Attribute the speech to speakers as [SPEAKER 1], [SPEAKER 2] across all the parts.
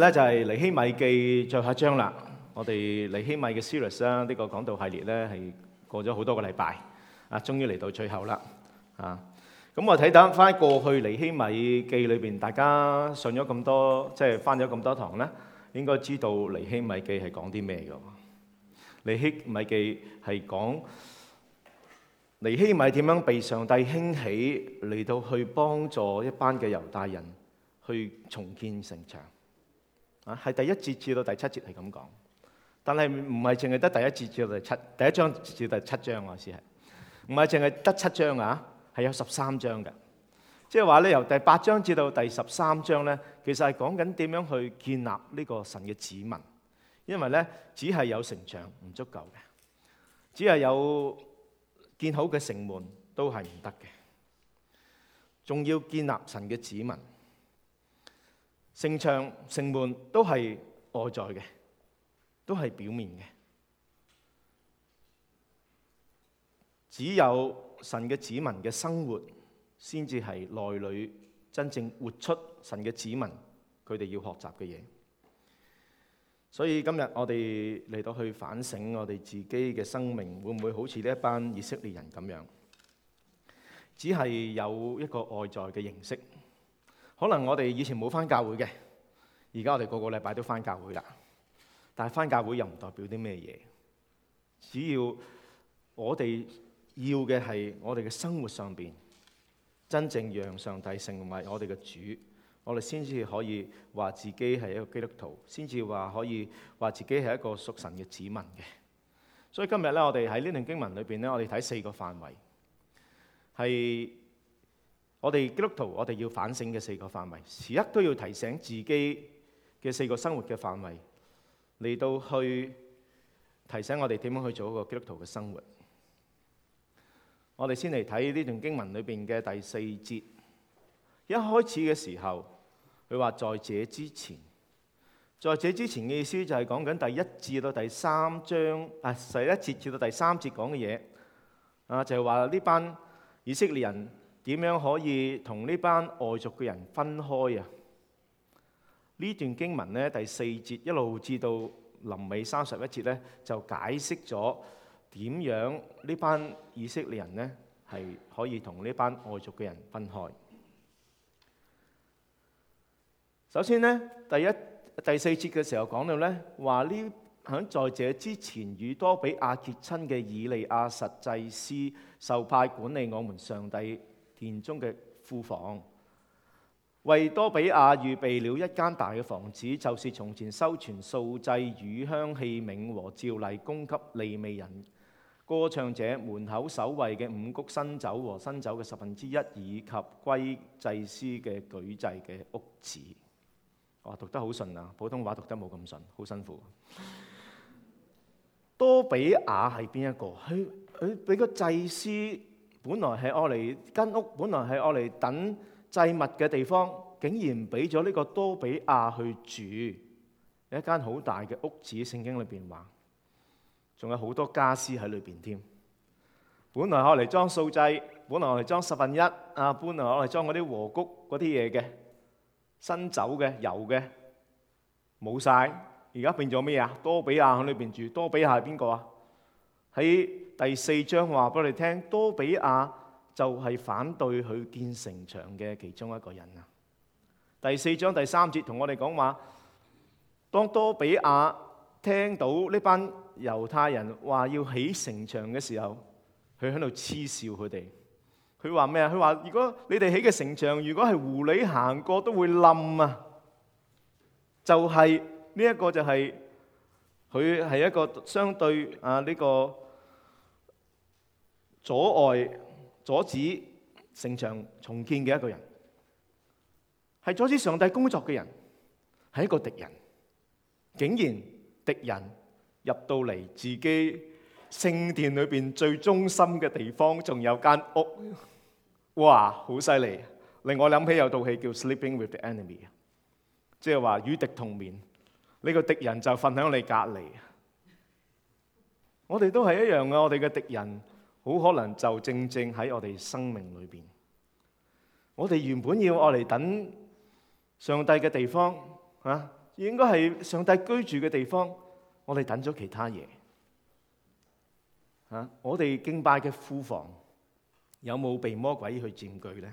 [SPEAKER 1] 咧就係尼希米記最後一章啦，我哋尼希米嘅 series 啦、啊，呢個講道系列咧係過咗好多個禮拜啊，終於嚟到最後啦啊！咁我睇到翻過去尼希米記裏邊，大家上咗咁多，即係翻咗咁多堂咧，應該知道尼希米記係講啲咩嘅。尼希米記係講尼希米點樣被上帝興起嚟到去幫助一班嘅猶大人去重建城牆。啊，係第一節至到第七節係咁講，但係唔係淨係得第一節至到第七，第一章至到第七章啊先係，唔係淨係得七章啊，係有十三章嘅，即係話咧由第八章至到第十三章咧，其實係講緊點樣去建立呢個神嘅子民，因為咧只係有城牆唔足夠嘅，只係有建好嘅城門都係唔得嘅，仲要建立神嘅子民。城牆、城門都係外在嘅，都係表面嘅。只有神嘅子民嘅生活，先至係內裏真正活出神嘅子民，佢哋要學習嘅嘢。所以今日我哋嚟到去反省我哋自己嘅生命，會唔會好似呢一班以色列人咁樣，只係有一個外在嘅形式？可能我哋以前冇返教會嘅，而家我哋個個禮拜都返教會啦。但係返教會又唔代表啲咩嘢？只要我哋要嘅係我哋嘅生活上邊，真正讓上帝成為我哋嘅主，我哋先至可以話自己係一個基督徒，先至話可以話自己係一個屬神嘅子民嘅。所以今日咧，我哋喺呢段經文裏邊咧，我哋睇四個範圍係。我哋基督徒，我哋要反省嘅四個範圍，時刻都要提醒自己嘅四個生活嘅範圍，嚟到去提醒我哋點樣去做一個基督徒嘅生活。我哋先嚟睇呢段經文裏邊嘅第四節，一開始嘅時候，佢話在這之前，在這之前嘅意思就係講緊第一節到第三章啊，第一節至到第三節講嘅嘢啊，就係話呢班以色列人，點樣可以同呢班外族嘅人分開啊？呢段經文咧，第四節一路至到臨尾三十一節咧，就解釋咗點樣呢班以色列人呢係可以同呢班外族嘅人分開。首先呢，第一第四節嘅時候講到呢，話呢，喺在這之前與多比亞結親嘅以利亞實祭司受派管理我們上帝，田中嘅庫房，為多比亞預備了一間大嘅房子，就是從前收存素祭、乳香、器皿和照例供給利未人歌唱者門口守衛嘅五穀新酒和新酒嘅十分之一，以及歸祭司嘅舉祭嘅屋子。哇，讀得好順啊！普通話讀得冇咁順，好辛苦啊。多比亞係邊一個？佢佢俾個祭司。本來係我嚟間屋，本來係我嚟，等祭物嘅地方，竟然俾咗呢個多比亞去住有一間好大嘅屋子。聖經裏邊話，仲有好多家私喺裏邊添。本來我嚟裝素祭，本來我嚟裝十分一，啊，本來我嚟裝嗰啲禾穀嗰啲嘢嘅新酒嘅油嘅，冇晒。而家變咗咩啊？多比亞喺裏邊住。多比亞係邊個啊？喺第四章話俾我哋聽，多比亞就係反對佢建城牆嘅其中一個人啊！第四章第三節同我哋講話，當多比亞聽到呢班猶太人話要起城牆嘅時候，佢喺度恥笑佢哋。佢話咩啊？佢話：如果你哋起嘅城牆，如果係狐狸行過都會冧啊！就係呢一個、就係，就係佢係一個相對啊呢、呢個。阻礙、阻止城牆重建嘅一個人，係阻止上帝工作嘅人，係一個敵人。竟然敵人入到嚟自己聖殿裏邊最中心嘅地方，仲有間屋，哇，好犀利！令我諗起有套戲叫《Sleeping with the Enemy》，即是，即係話與敵同眠。呢個敵人就瞓響你隔籬。我哋都係一樣嘅，我哋嘅敵人。好可能就正正喺我哋生命裏邊，我哋原本要愛嚟等上帝嘅地方啊，應該係上帝居住嘅地方，我哋等咗其他嘢啊。我哋敬拜嘅庫房有冇被魔鬼去佔據咧？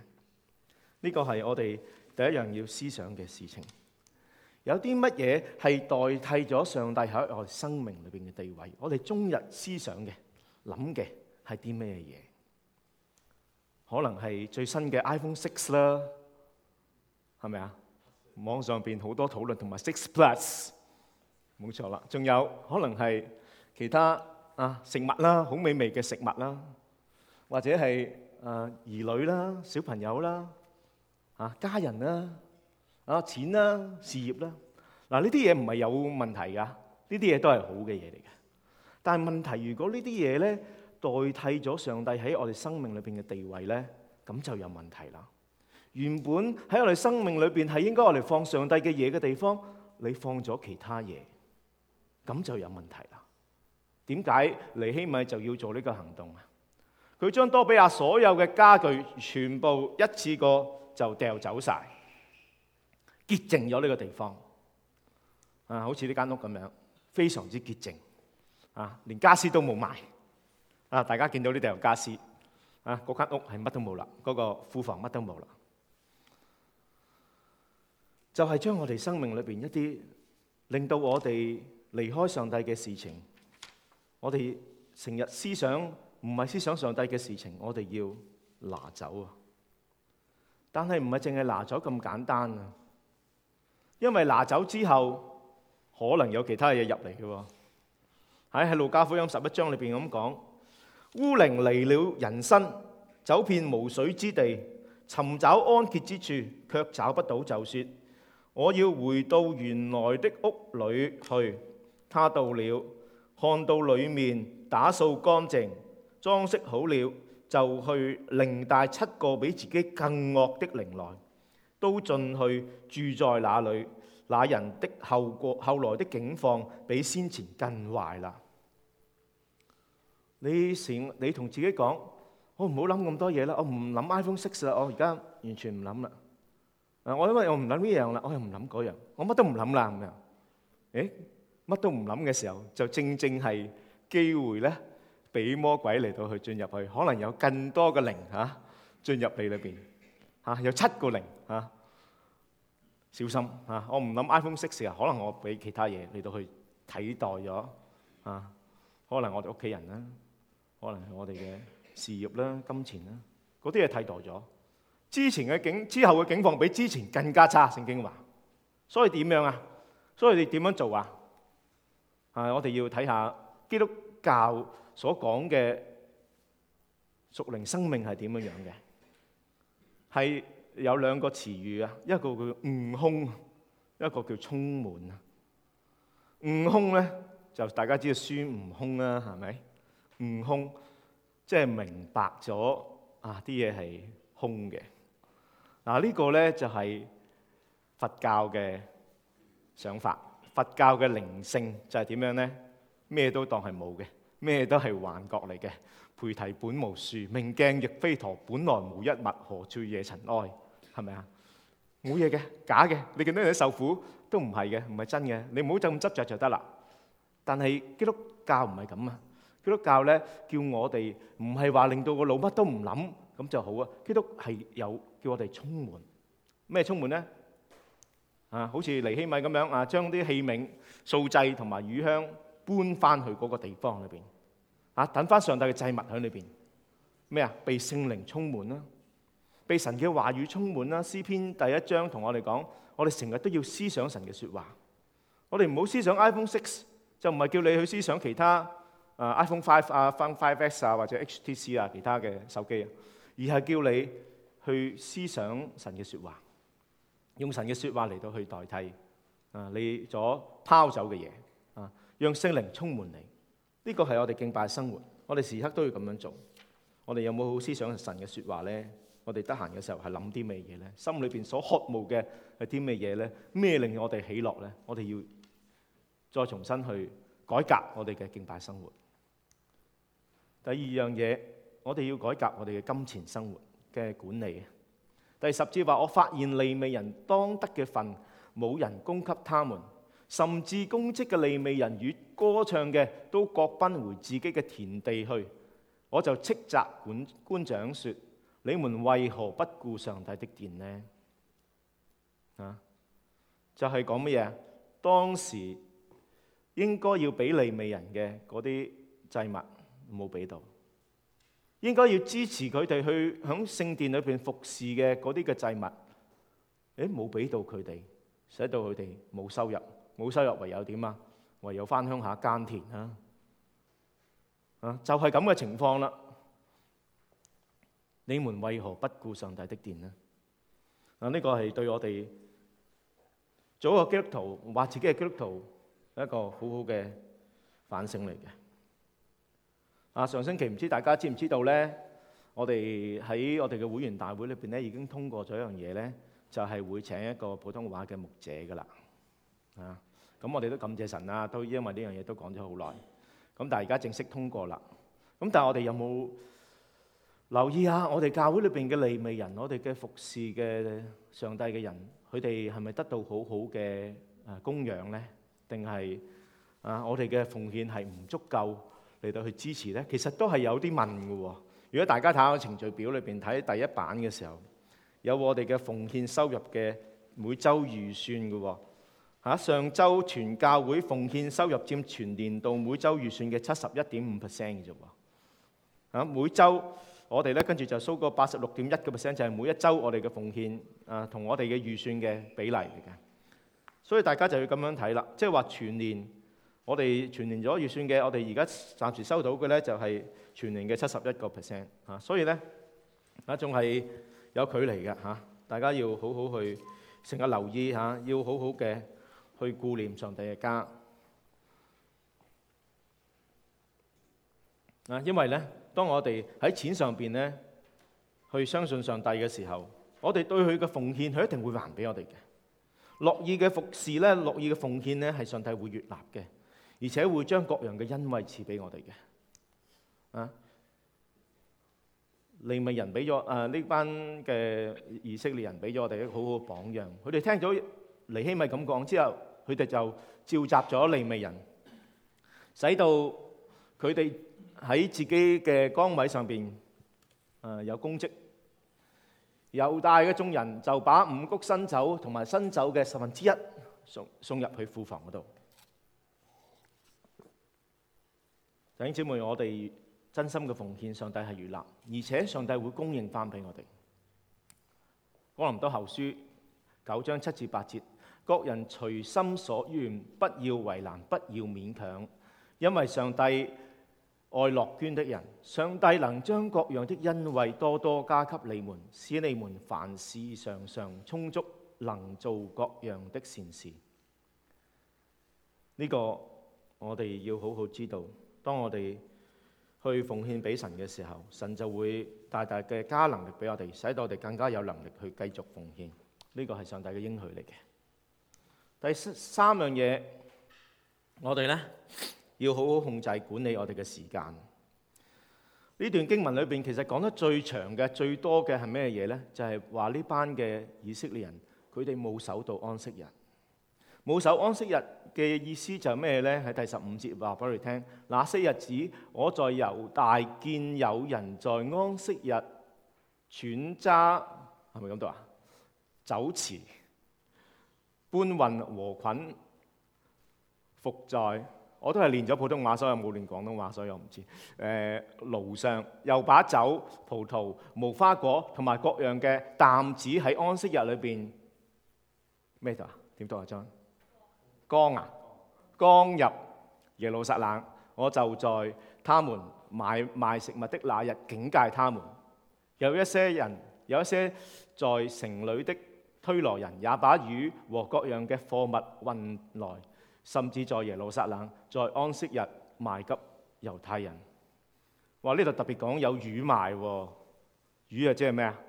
[SPEAKER 1] 呢個係我哋第一樣要思想嘅事情。有啲乜嘢係代替咗上帝喺我哋生命裏邊嘅地位？我哋終日思想嘅諗嘅。係啲咩嘢？可能係最新嘅 iPhone Six 啦，係咪啊？網上邊好多討論同埋 Six Plus，冇錯啦。仲有，有可能係其他啊食物啦，好美味嘅食物啦，或者係啊兒女啦、小朋友啦、啊家人啦、啊錢啦、事業啦。嗱，啊，呢啲嘢唔係有問題㗎，呢啲嘢都係好嘅嘢嚟嘅。但係問題，如果這些呢啲嘢咧？代替咗上帝喺我哋生命裏邊嘅地位咧，咁就有問題啦。原本喺我哋生命裏邊係應該我哋放上帝嘅嘢嘅地方，你放咗其他嘢，咁就有問題啦。點解尼希米就要做呢個行動啊？佢將多比亞所有嘅家具全部一次過就掉走晒，潔淨咗呢個地方啊，好似呢間屋咁樣，非常之潔淨啊，連家私都冇埋。啊！大家見到呢度有家私啊，嗰間屋係乜都冇啦，嗰個庫房乜都冇啦，就係將我哋生命裏邊一啲令到我哋離開上帝嘅事情，我哋成日思想唔係思想上帝嘅事情，我哋要拿走啊。但係唔係淨係拿走咁簡單啊，因為拿走之後可能有其他嘢入嚟嘅喎。喺喺路加福音十一章裏邊咁講。烏靈離了人身，走遍無水之地，尋找安歇之處，卻找不到，就説：我要回到原來的屋裏去。他到了，看到裏面打掃乾淨，裝飾好了，就去另帶七個比自己更惡的靈來，都進去住在那裏。那人的後過後來的境況比先前更壞了。你成你同自己講：我唔好諗咁多嘢啦，我唔諗 iPhone Six 啦，我而家完全唔諗啦。嗱，我因為我唔諗呢樣啦，我又唔諗嗰樣，我乜都唔諗啦。咁樣，誒，乜都唔諗嘅時候，就正正係機會咧，俾魔鬼嚟到去進入去，可能有更多個零嚇進入你裏邊嚇。有七個零嚇，小心嚇！我唔諗 iPhone Six 啊，可能我俾其他嘢嚟到去替代咗啊。可能我哋屋企人啦。可能係我哋嘅事業啦、金錢啦，嗰啲嘢替代咗之前嘅境，之後嘅境況比之前更加差。聖經話，所以點樣啊？所以你點樣做啊？啊，我哋要睇下基督教所講嘅屬靈生命係點樣樣嘅，係有兩個詞語啊，一個叫悟空，一個叫充滿啊。悟空咧就大家知道孫悟空啦，係咪？悟空即係明白咗啊！啲嘢係空嘅嗱，啊這個、呢個咧就係、是、佛教嘅想法。佛教嘅靈性就係點樣咧？咩都當係冇嘅，咩都係幻覺嚟嘅。菩提本無樹，明鏡亦非台。本來無一物，何處惹塵埃？係咪啊？冇嘢嘅，假嘅。你見到人受苦都唔係嘅，唔係真嘅。你唔好就咁執着就得啦。但係基督教唔係咁啊。基督教咧叫我哋唔係話令到個腦乜都唔諗咁就好啊。基督係有叫我哋充滿咩？咩充滿咧啊，好似尼希米咁樣啊，將啲器皿、素祭同埋乳香搬翻去嗰個地方裏邊啊，等翻上，上帝嘅祭物喺裏邊咩啊？被聖靈充滿啦，被神嘅話語充滿啦。詩、啊、篇第一章同我哋講，我哋成日都要思想神嘅說話。我哋唔好思想 iPhone Six，就唔係叫你去思想其他。啊，iPhone Five 啊，iPhone Five X 啊，或者 HTC 啊，其他嘅手機，啊，而係叫你去思想神嘅説話，用神嘅説話嚟到去代替啊你所拋走嘅嘢啊，讓聖靈充滿你。呢、這個係我哋敬拜的生活，我哋時刻都要咁樣做。我哋有冇好思想神嘅説話咧？我哋得閒嘅時候係諗啲咩嘢咧？心裏邊所渴慕嘅係啲咩嘢咧？咩令我哋喜樂咧？我哋要再重新去改革我哋嘅敬拜生活。第二樣嘢，我哋要改革我哋嘅金錢生活嘅管理。第十節話：我發現利未人當得嘅份冇人供給他們，甚至供職嘅利未人與歌唱嘅，都各奔回自己嘅田地去。我就斥責管官長，說：你們為何不顧上帝的殿呢？啊，就係講乜嘢？當時應該要俾利未人嘅嗰啲祭物。冇俾到，應該要支持佢哋去響聖殿裏邊服侍嘅嗰啲嘅祭物，誒冇俾到佢哋，使到佢哋冇收入，冇收入唯有點啊？唯有翻鄉下耕田啦，啊，啊就係咁嘅情況啦。你們為何不顧上帝的殿呢？嗱、啊，呢、呢個係對我哋做一個基督徒話自己係基督徒一個很好好嘅反省嚟嘅。啊，上星期唔知大家知唔知道咧？我哋喺我哋嘅會員大會裏邊咧，已經通過咗一樣嘢咧，就係會請一個普通話嘅牧者㗎喇。啊，咁我哋都感謝神啦，都因為呢樣嘢都講咗好耐。咁但係而家正式通過啦。咁但係我哋有冇留意下我哋教會裏邊嘅利未人，我哋嘅服侍嘅上帝嘅人，佢哋係咪得到好好嘅啊供養咧？定係啊，我哋嘅奉獻係唔足夠？嚟到去支持咧，其實都係有啲問嘅喎、哦。如果大家睇下程序表裏邊，睇第一版嘅時候，有我哋嘅奉獻收入嘅每週預算嘅喎、哦。上周全教會奉獻收入佔全年度每週預算嘅七十一點五 percent 嘅啫喎。每週我哋咧、啊、跟住就 show 個八十六點一個 percent，就係每一週我哋嘅奉獻啊同我哋嘅預算嘅比例嚟嘅。所以大家就要咁樣睇啦，即係話全年。我哋全年咗預算嘅，我哋而家暫時收到嘅咧就係全年嘅七十一個 percent 嚇，所以咧啊仲係有距離嘅嚇，大家要好好去成日留意嚇，要好好嘅去顧念上帝嘅家啊，因為咧當我哋喺錢上邊咧去相信上帝嘅時候，我哋對佢嘅奉獻，佢一定會還俾我哋嘅，樂意嘅服侍咧，樂意嘅奉獻咧係上帝會悅納嘅。而且會將各樣嘅恩惠賜俾我哋嘅，啊！利未人俾咗啊呢班嘅以色列人俾咗我哋一個好好嘅榜樣。佢哋聽咗尼希米咁講之後，佢哋就召集咗利未人，使到佢哋喺自己嘅崗位上邊，啊有功績，猶大嘅眾人就把五穀新酒同埋新酒嘅十分之一送送入去庫房嗰度。弟兄姊妹，我哋真心嘅奉獻，上帝係悅納，而且上帝會供應翻俾我哋。哥林多後書九章七至八節，各人隨心所願，不要為難，不要勉強，因為上帝愛樂捐的人。上帝能將各樣的恩惠多多加給你們，使你們凡事常常充足，能做各樣的善事。呢個我哋要好好知道。當我哋去奉獻俾神嘅時候，神就會大大嘅加能力俾我哋，使到我哋更加有能力去繼續奉獻。呢個係上帝嘅應許嚟嘅。第三樣嘢，我哋咧要好好控制管理我哋嘅時間。呢段經文裏邊其實講得最長嘅、最多嘅係咩嘢咧？就係話呢班嘅以色列人，佢哋冇守到安息日，冇守安息日。嘅意思就係咩咧？喺第十五節話俾你聽，那些日子我在猶大見有人在安息日串揸係咪咁讀啊？酒池搬運禾捆、復在，我都係練咗普通話，所以冇練廣東話，所以我唔知。誒、呃、驢上又把酒、葡萄、無花果同埋各樣嘅擔子喺安息日裏邊，咩讀啊？點讀啊？張？剛啊，剛入耶路撒冷，我就在他們買賣食物的那日警戒他們。有一些人，有一些在城裏的推羅人也把魚和各樣嘅貨物運來，甚至在耶路撒冷，在安息日賣給猶太人。哇！呢度特別講有魚賣、啊，魚啊即係咩啊？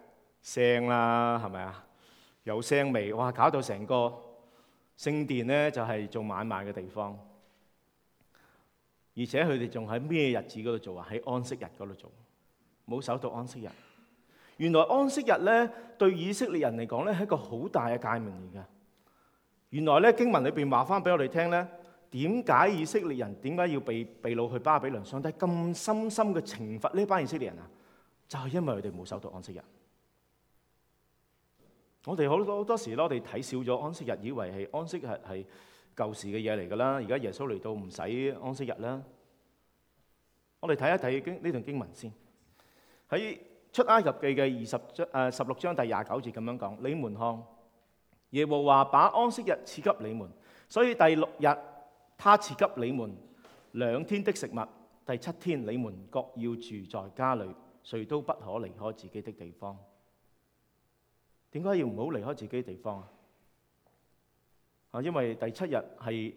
[SPEAKER 1] 腥啦，係咪啊？有腥味，哇！搞到成個～聖殿咧就係、是、做買賣嘅地方，而且佢哋仲喺咩日子嗰度做啊？喺安息日嗰度做，冇守到安息日。原來安息日咧對以色列人嚟講咧係一個好大嘅界線嚟噶。原來咧，經文裏邊話翻俾我哋聽咧，點解以色列人點解要被被擄去巴比倫，上帝咁深深嘅懲罰呢班以色列人啊？就係、是、因為佢哋冇守到安息日。我哋好多多時咯，我哋睇少咗安息日，以為係安息日係舊時嘅嘢嚟㗎啦。而家耶穌嚟到唔使安息日啦。我哋睇一睇經呢段經文先。喺出埃及記嘅二十章誒十六章第廿九節咁樣講，你們看，耶和華把安息日賜給你們，所以第六日他賜給你們兩天的食物，第七天你們各要住在家裏，誰都不可離開自己的地方。點解要唔好離開自己嘅地方啊？啊，因為第七日係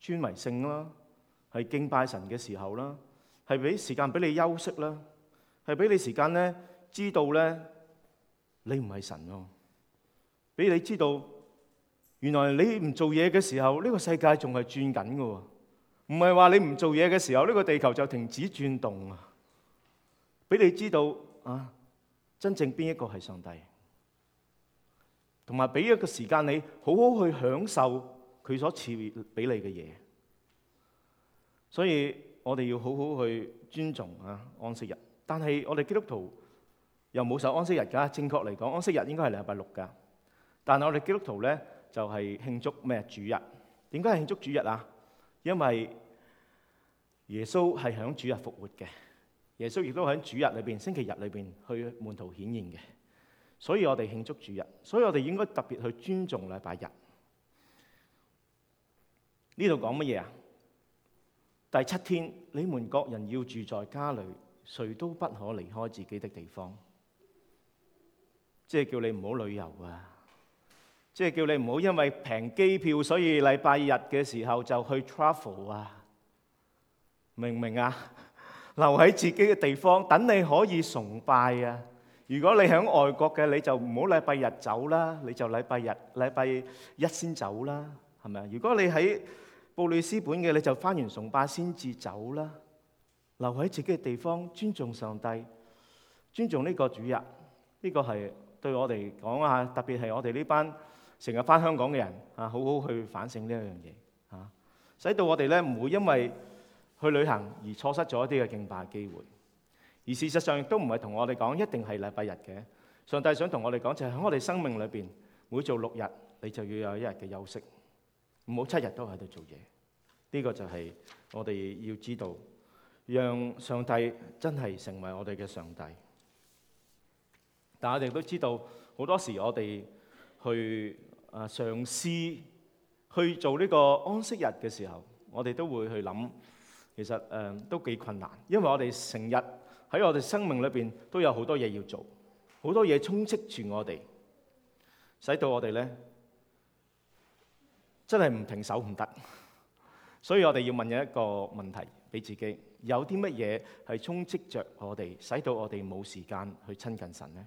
[SPEAKER 1] 專為聖啦，係敬拜神嘅時候啦，係俾時間俾你休息啦，係俾你時間咧，知道咧，你唔係神喎。俾你知道，原來你唔做嘢嘅時候，呢個世界仲係轉緊嘅喎，唔係話你唔做嘢嘅時候，呢個地球就停止轉動啊。俾你知道啊，真正邊一個係上帝？同埋俾咗一個時間你好好去享受佢所賜俾你嘅嘢，所以我哋要好好去尊重啊安息日。但係我哋基督徒又冇守安息日㗎。正確嚟講，安息日應該係禮拜六㗎。但係我哋基督徒咧就係、是、慶祝咩主日？點解係慶祝主日啊？因為耶穌係響主日復活嘅。耶穌亦都喺主日裏邊、星期日裏邊去門徒顯現嘅。所以我哋慶祝主日，所以我哋應該特別去尊重禮拜日。呢度講乜嘢啊？第七天，你們各人要住在家裏，誰都不可離開自己的地方。即係叫你唔好旅遊啊！即係叫你唔好因為平機票，所以禮拜日嘅時候就去 travel 啊！明唔明啊？留喺自己嘅地方，等你可以崇拜啊！如果你喺外國嘅，你就唔好禮拜日走啦，你就禮拜日、禮拜一先走啦，係咪啊？如果你喺布里斯本嘅，你就翻完崇拜先至走啦。留喺自己嘅地方，尊重上帝，尊重呢個主日，呢個係對我哋講啊，特別係我哋呢班成日翻香港嘅人啊，好好去反省呢一樣嘢啊，使到我哋咧唔會因為去旅行而錯失咗一啲嘅敬拜機會。而事實上亦都唔係同我哋講一定係禮拜日嘅。上帝想同我哋講就係喺我哋生命裏邊，每做六日，你就要有一日嘅休息，唔好七日都喺度做嘢。呢個就係我哋要知道，讓上帝真係成為我哋嘅上帝。但係我哋都知道，好多時我哋去啊嘗試去做呢個安息日嘅時候，我哋都會去諗，其實誒都幾困難，因為我哋成日，喺我哋生命裏邊都有好多嘢要做，好多嘢充斥住我哋，使到我哋咧真係唔停手唔得。所以我哋要問嘅一個問題俾自己：有啲乜嘢係充斥着我哋，使到我哋冇時間去親近神呢？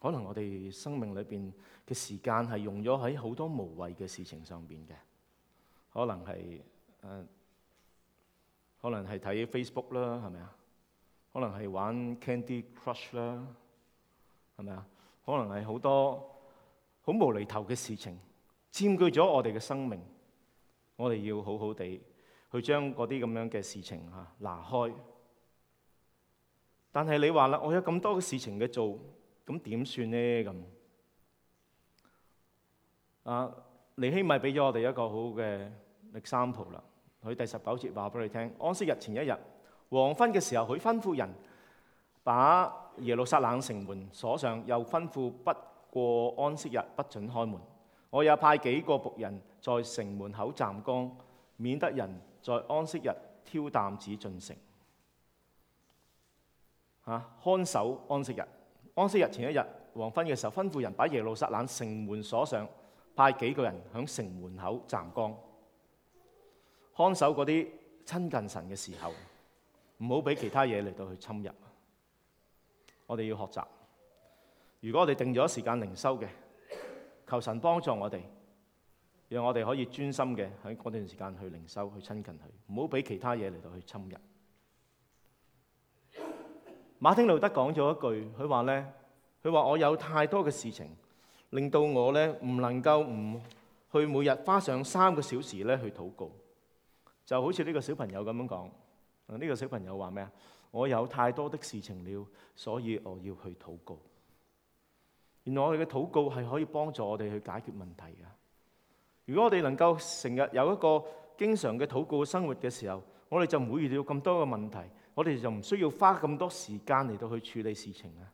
[SPEAKER 1] 可能我哋生命裏邊嘅時間係用咗喺好多無謂嘅事情上邊嘅，可能係誒。呃可能係睇 Facebook 啦，係咪啊？可能係玩 Candy Crush 啦，係咪啊？可能係好多好無厘頭嘅事情佔據咗我哋嘅生命，我哋要好好地去將嗰啲咁樣嘅事情嚇拿開。但係你話啦，我有咁多嘅事情嘅做，咁點算呢？咁啊，尼希米俾咗我哋一個好嘅 example 啦。佢第十九節話俾你聽：安息日前一日黃昏嘅時候，佢吩咐人把耶路撒冷城門鎖上，又吩咐不過安息日不准開門。我又派幾個僕人在城門口站崗，免得人在安息日挑擔子進城。啊。看守安息日。安息日前一日黃昏嘅時候，吩咐人把耶路撒冷城門鎖上，派幾個人響城門口站崗。看守嗰啲親近神嘅時候，唔好俾其他嘢嚟到去侵入。我哋要學習。如果我哋定咗時間靈修嘅，求神幫助我哋，讓我哋可以專心嘅喺嗰段時間去靈修，去親近佢，唔好俾其他嘢嚟到去侵入。馬丁路德講咗一句，佢話咧：佢話我有太多嘅事情令到我咧唔能夠唔去每日花上三個小時咧去禱告。就好似呢個小朋友咁樣講，呢個小朋友話咩啊？我有太多的事情了，所以我要去禱告。原來我哋嘅禱告係可以幫助我哋去解決問題㗎。如果我哋能夠成日有一個經常嘅禱告生活嘅時候，我哋就唔會遇到咁多嘅問題，我哋就唔需要花咁多時間嚟到去處理事情啊。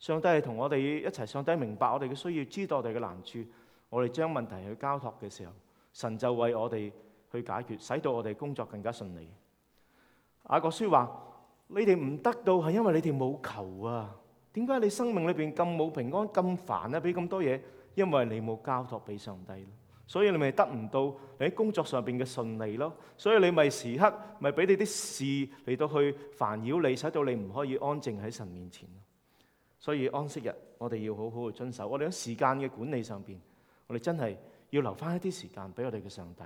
[SPEAKER 1] 上帝係同我哋一齊，上帝明白我哋嘅需要，知道我哋嘅難處，我哋將問題去交託嘅時候，神就為我哋。去解決，使到我哋工作更加順利。雅各書話：你哋唔得到係因為你哋冇求啊？點解你生命裏邊咁冇平安、咁煩呀？俾咁多嘢，因為你冇交託俾上帝，所以你咪得唔到你喺工作上邊嘅順利咯。所以你咪時刻咪俾你啲事嚟到去煩擾你，使到你唔可以安靜喺神面前。所以安息日我哋要好好去遵守。我哋喺時間嘅管理上邊，我哋真係要留返一啲時間俾我哋嘅上帝。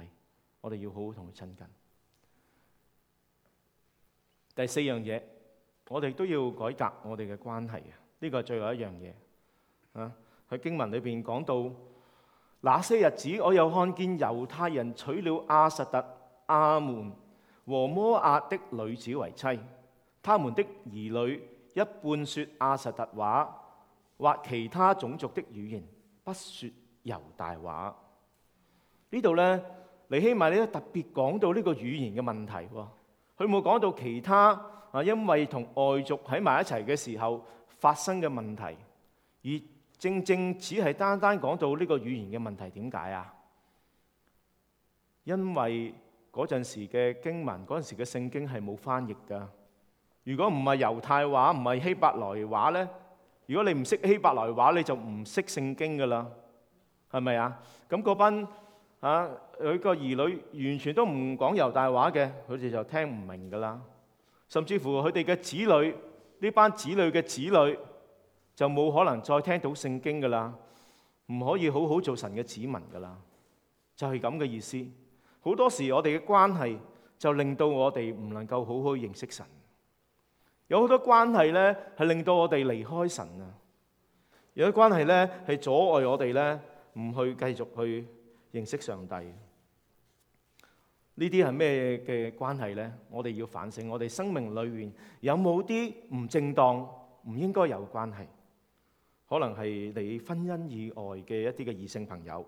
[SPEAKER 1] 我哋要好好同佢親近。第四樣嘢，我哋都要改革我哋嘅關係啊！呢個係最後一樣嘢啊，喺經文裏邊講到，那些日子我又看見猶太人娶了亞實突、亞捫和摩押的女子為妻，他們的兒女一半說亞實突話或其他種族的語言，不說猶大話。呢度呢。你希米都特別講到呢個語言嘅問題喎，佢冇講到其他啊。因為同外族喺埋一齊嘅時候發生嘅問題，而正正只係單單講到呢個語言嘅問題，點解啊？因為嗰陣時嘅經文，嗰陣時嘅聖經係冇翻譯噶。如果唔係猶太話，唔係希伯來話咧，如果你唔識希伯來話，你就唔識聖經噶啦，係咪啊？咁嗰班。啊，佢個兒女完全都唔講猶大話嘅，佢哋就聽唔明噶啦。甚至乎佢哋嘅子女，呢班子女嘅子女就冇可能再聽到聖經噶啦，唔可以好好做神嘅子民噶啦。就係咁嘅意思。好多時我哋嘅關係就令到我哋唔能夠好好認識神。有好多關係咧，係令到我哋離開神啊。有啲關係咧，係阻礙我哋咧，唔去繼續去認識上帝，呢啲係咩嘅關係呢？我哋要反省，我哋生命裏面有冇啲唔正當、唔應該有關係？可能係你婚姻以外嘅一啲嘅異性朋友，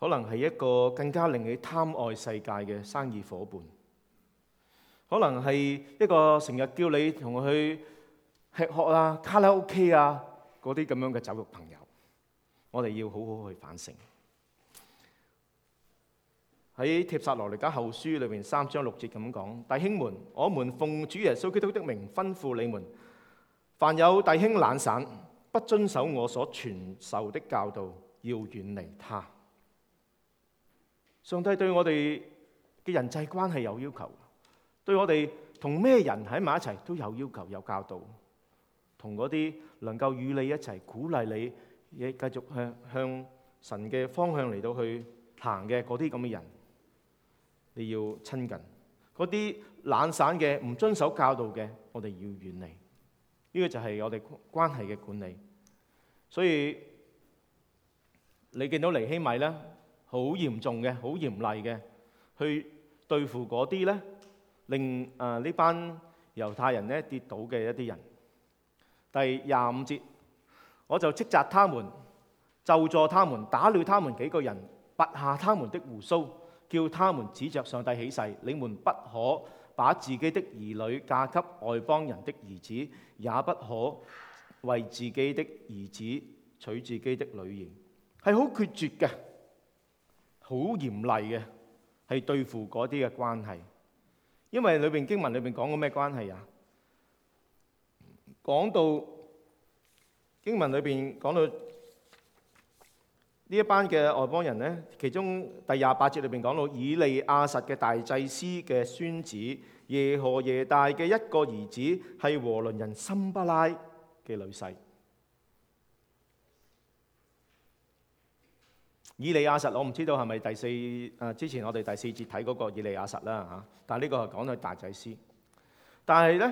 [SPEAKER 1] 可能係一個更加令你貪愛世界嘅生意伙伴，可能係一個成日叫你同佢去吃喝啊、卡拉 OK 啊嗰啲咁樣嘅酒肉朋友，我哋要好好去反省。喺帖撒羅尼迦後書裏邊三章六節咁講：弟兄們，我們奉主耶穌基督的名吩咐你們，凡有弟兄懶散，不遵守我所傳授的教導，要遠離他。上帝對我哋嘅人際關係有要求，對我哋同咩人喺埋一齊都有要求，有教導，同嗰啲能夠與你一齊鼓勵你，亦繼續向向神嘅方向嚟到去行嘅嗰啲咁嘅人。你要親近嗰啲懶散嘅、唔遵守教導嘅，我哋要遠離。呢、這個就係我哋關係嘅管理。所以你見到尼希米咧，好嚴重嘅、好嚴厲嘅，去對付嗰啲咧，令啊呢、呃、班猶太人咧跌倒嘅一啲人。第廿五節，我就斥責他們，就助他們，打了他們幾個人，拔下他們的鬍鬚。叫他們指着上帝起誓：你們不可把自己的兒女嫁給外邦人的兒子，也不可為自己的兒子娶自己的女兒。係好決絕嘅，好嚴厲嘅，係對付嗰啲嘅關係。因為裏邊經文裏邊講過咩關係啊？講到經文裏邊講到。呢一班嘅外邦人咧，其中第廿八節裏邊講到，以利亞實嘅大祭司嘅孫子，耶何耶大嘅一個兒子，係和倫人森巴拉嘅女婿。以利亞實，我唔知道係咪第四誒，之前我哋第四節睇嗰個以利亞實啦嚇，但係呢個係講到大祭司。但係咧，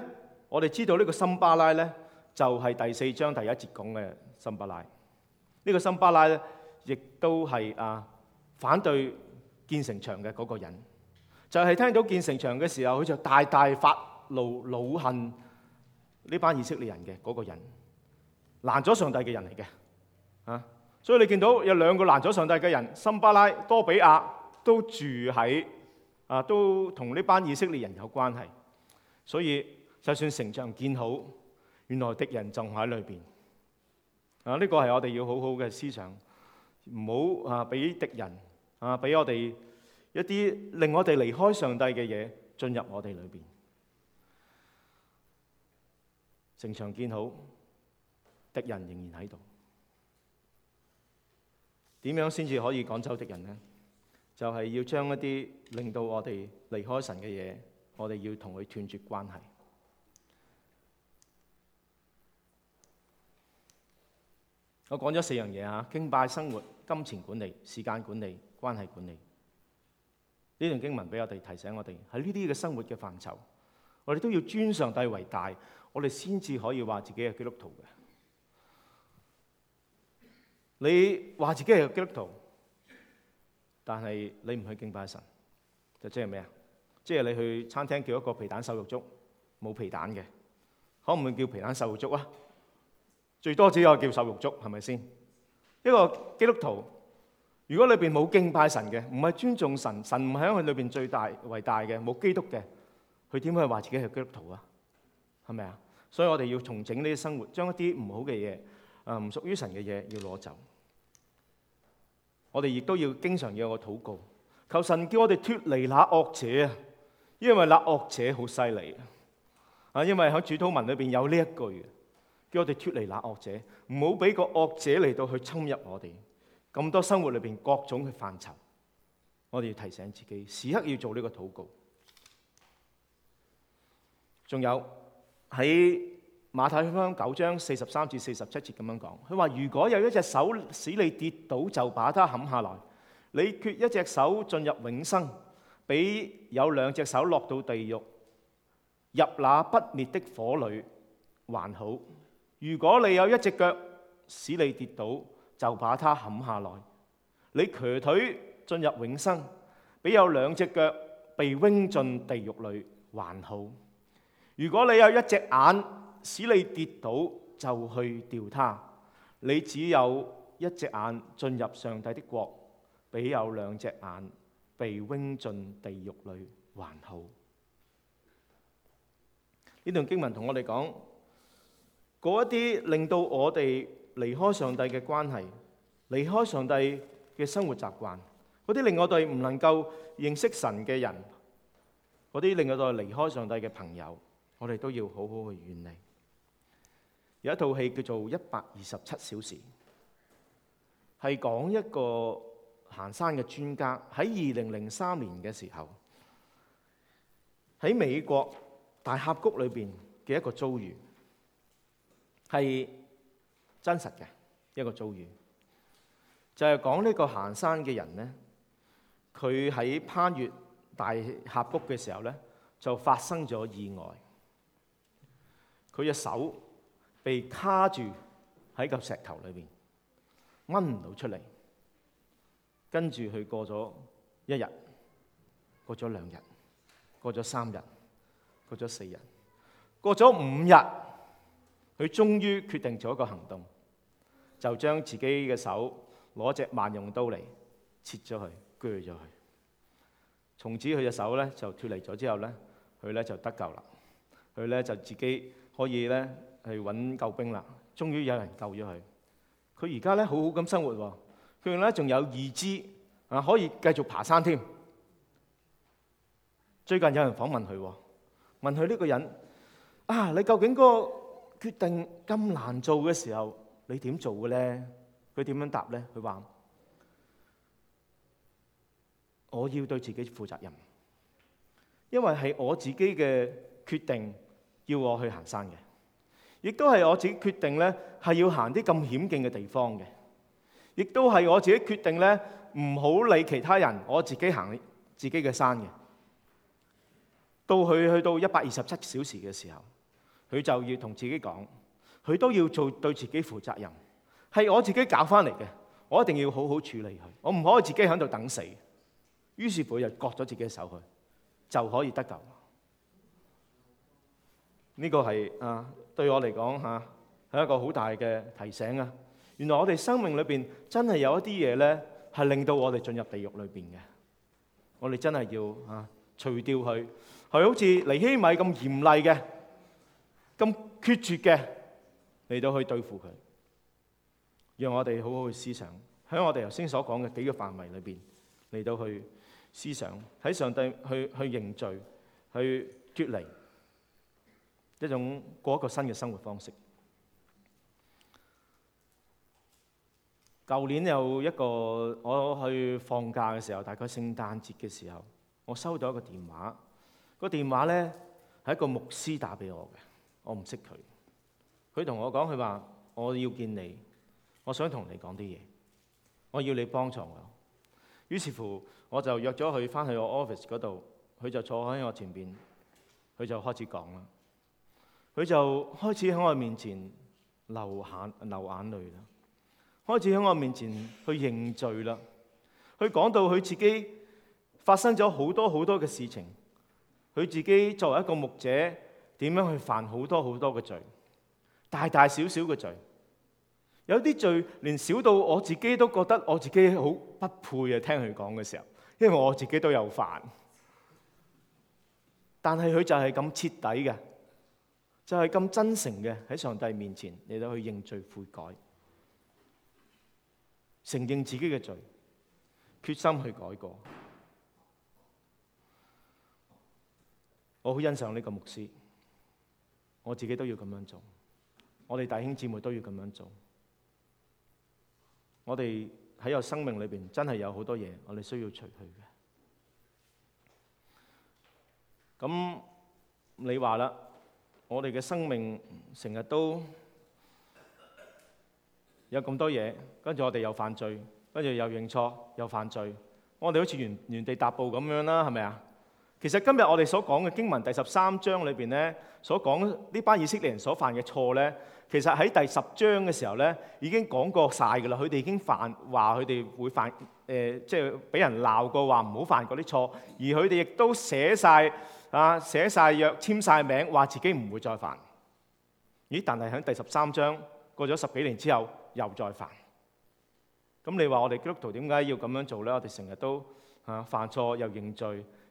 [SPEAKER 1] 我哋知道呢個森巴拉咧，就係第四章第一節講嘅森巴拉。呢個森巴拉咧。亦都係啊，反對建城牆嘅嗰個人，就係聽到建城牆嘅時候，佢就大大發怒老恨呢班以色列人嘅嗰個人，攔咗上帝嘅人嚟嘅啊！所以你見到有兩個攔咗上帝嘅人，森巴拉多比亞都住喺啊，都同呢班以色列人有關係，所以就算城牆建好，原來敵人仲喺裏面。啊！呢個係我哋要好好嘅思想。唔好啊！俾敵人啊！俾我哋一啲令我哋離開上帝嘅嘢進入我哋裏邊。城牆建好，敵人仍然喺度。點樣先至可以趕走敵人呢？就係要將一啲令到我哋離開神嘅嘢，我哋要同佢斷絕關係。我講咗四樣嘢嚇，敬拜、生活、金錢管理、時間管理、關係管理。呢段經文俾我哋提醒我哋，喺呢啲嘅生活嘅範疇，我哋都要尊上帝為大，我哋先至可以話自己係基督徒嘅。你話自己係基督徒，但係你唔去敬拜神，就即係咩啊？即係你去餐廳叫一個皮蛋瘦肉粥，冇皮蛋嘅，可唔可以叫皮蛋瘦肉粥啊？最多只有一個叫瘦肉粥，係咪先？一個基督徒，如果裏邊冇敬拜神嘅，唔係尊重神，神唔喺佢裏邊最大為大嘅，冇基督嘅，佢點可以話自己係基督徒啊？係咪啊？所以我哋要重整呢啲生活，將一啲唔好嘅嘢，誒，唔屬於神嘅嘢要攞走。我哋亦都要經常要有個禱告，求神叫我哋脫離那惡者啊，因為那惡者好犀利啊。啊，因為喺主禱文裏邊有呢一句嘅。叫我哋脱離那惡者，唔好俾個惡者嚟到去侵入我哋咁多生活裏邊各種嘅範疇。我哋要提醒自己，時刻要做呢個禱告。仲有喺馬太福音九章四十三至四十七節咁樣講，佢話：如果有一隻手使你跌倒，就把它砍下來；你缺一隻手進入永生，比有兩隻手落到地獄入那不滅的火裏還好。如果你有一隻腳使你跌倒，就把它砍下來。你瘸腿進入永生，比有兩隻腳被扔進地獄裏還好。如果你有一隻眼使你跌倒，就去掉它。你只有一隻眼進入上帝的國，比有兩隻眼被扔進地獄裏還好。呢段經文同我哋講。嗰一啲令到我哋離開上帝嘅關係，離開上帝嘅生活習慣，嗰啲令我哋唔能夠認識神嘅人，嗰啲令我哋離開上帝嘅朋友，我哋都要好好去遠離。有一套戲叫做《一百二十七小時》，係講一個行山嘅專家喺二零零三年嘅時候喺美國大峽谷裏面嘅一個遭遇。係真實嘅一個遭遇，就係講呢個行山嘅人咧，佢喺攀越大峽谷嘅時候咧，就發生咗意外。佢嘅手被卡住喺嚿石頭裏邊，掹唔到出嚟。跟住佢過咗一日，過咗兩日，過咗三日，過咗四日，過咗五日。佢終於決定做一個行動，就將自己嘅手攞隻萬用刀嚟切咗佢，鋸咗佢。從此佢隻手咧就脱離咗之後咧，佢咧就得救啦。佢咧就自己可以咧去揾救兵啦。終於有人救咗佢。佢而家咧好好咁生活喎。佢咧仲有義肢啊，可以繼續爬山添。最近有人訪問佢喎，問佢呢個人啊，你究竟嗰個，決定咁難做嘅時候，你點做嘅咧？佢點樣答咧？佢話：我要對自己負責任，因為係我自己嘅決定要我去行山嘅，亦都係我自己決定咧，係要行啲咁險境嘅地方嘅，亦都係我自己決定咧，唔好理其他人，我自己行自己嘅山嘅。到佢去到一百二十七小時嘅時候。佢就要同自己講，佢都要做對自己負責任。係我自己搞翻嚟嘅，我一定要好好處理佢。我唔可以自己喺度等死。於是乎，就割咗自己嘅手去，就可以得救。呢個係啊，對我嚟講係一個好大嘅提醒啊！原來我哋生命裏面真係有一啲嘢咧，係令到我哋進入地獄裏面嘅。我哋真係要啊，除掉佢。佢好似尼希米咁嚴厲嘅。咁決絕嘅嚟到去對付佢，讓我哋好好去思想喺我哋頭先所講嘅幾個範圍裏邊嚟到去思想喺上帝去去凝聚去脫離一種過一個新嘅生活方式。舊年有一個我去放假嘅時候，大概聖誕節嘅時候，我收到一個電話，個電話咧係一個牧師打俾我嘅。我唔識佢，佢同我講：佢話我要見你，我想同你講啲嘢，我要你幫助我。於是乎，我就約咗佢翻去我 office 嗰度，佢就坐喺我前邊，佢就開始講啦。佢就開始喺我面前流眼流眼淚啦，開始喺我面前去認罪啦。佢講到佢自己發生咗好多好多嘅事情，佢自己作為一個牧者。點樣去犯好多好多嘅罪，大大小小嘅罪，有啲罪連少到我自己都覺得我自己好不配啊！聽佢講嘅時候，因為我自己都有犯，但係佢就係咁徹底嘅，就係、是、咁真誠嘅喺上帝面前，你都去認罪悔改，承認自己嘅罪，決心去改過，我好欣賞呢個牧師。我自己都要咁樣做，我哋弟兄姊妹都要咁樣做。我哋喺個生命裏邊真係有好多嘢，我哋需要除去嘅。咁你話啦，我哋嘅生命成日都有咁多嘢，跟住我哋又犯罪，跟住又認錯又犯罪，我哋好似原原地踏步咁樣啦，係咪啊？其實今日我哋所講嘅經文第十三章裏邊咧，所講呢班以色列人所犯嘅錯咧，其實喺第十章嘅時候咧已經講過晒噶啦。佢哋已經犯話佢哋會犯誒、呃，即係俾人鬧過話唔好犯嗰啲錯，而佢哋亦都寫晒啊，寫曬約簽晒名，話自己唔會再犯。咦？但係喺第十三章過咗十幾年之後又再犯。咁你話我哋基督徒點解要咁樣做咧？我哋成日都嚇、啊、犯錯又認罪。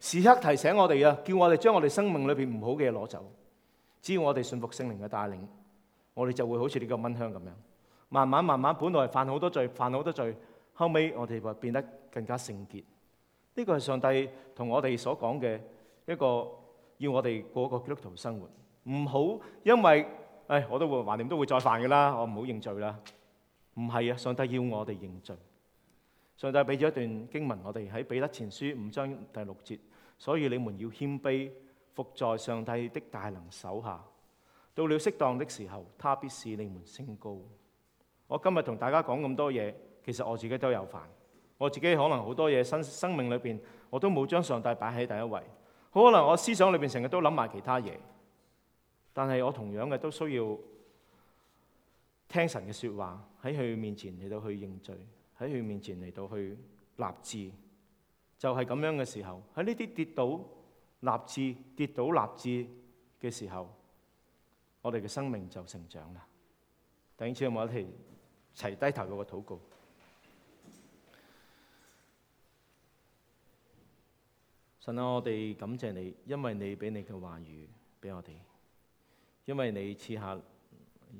[SPEAKER 1] 時刻提醒我哋啊，叫我哋將我哋生命裏邊唔好嘅嘢攞走。只要我哋信服聖靈嘅帶領，我哋就會好似呢個蚊香咁樣，慢慢慢慢，本來犯好多罪，犯好多罪，後尾我哋就會變得更加聖潔。呢個係上帝同我哋所講嘅一個，要我哋過一個基督徒生活，唔好因為，唉，我都會懷念，都會再犯噶啦，我唔好認罪啦。唔係啊，上帝要我哋認罪。上帝俾咗一段經文，我哋喺彼得前書五章第六節，所以你們要謙卑，伏在上帝的大能手下。到了適當的時候，他必使你們升高。我今日同大家講咁多嘢，其實我自己都有煩，我自己可能好多嘢，生生命裏面我都冇將上帝擺喺第一位。好可能我思想裏面成日都諗埋其他嘢，但係我同樣嘅都需要聽神嘅說話，喺佢面前嚟到去認罪。喺佢面前嚟到去立志，就係咁樣嘅時候。喺呢啲跌倒立志、跌倒立志嘅時候，我哋嘅生命就成長啦。等次有冇一齊齊低頭嗰個禱告，神啊，我哋感謝你，因為你俾你嘅話語俾我哋，因為你賜下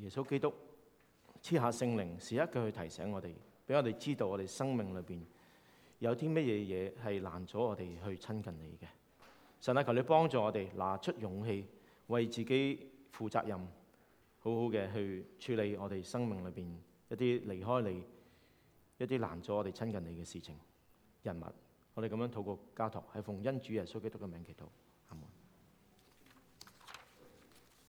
[SPEAKER 1] 耶穌基督、賜下聖靈，時刻去提醒我哋。俾我哋知道，我哋生命裏面有啲乜嘢嘢係難阻我哋去親近你嘅。神啊，求你幫助我哋拿出勇氣，為自己負責任，好好嘅去處理我哋生命裏邊一啲離開你、一啲難阻我哋親近你嘅事情、人物。我哋咁樣透過家堂，係奉恩主耶穌基督嘅名祈禱。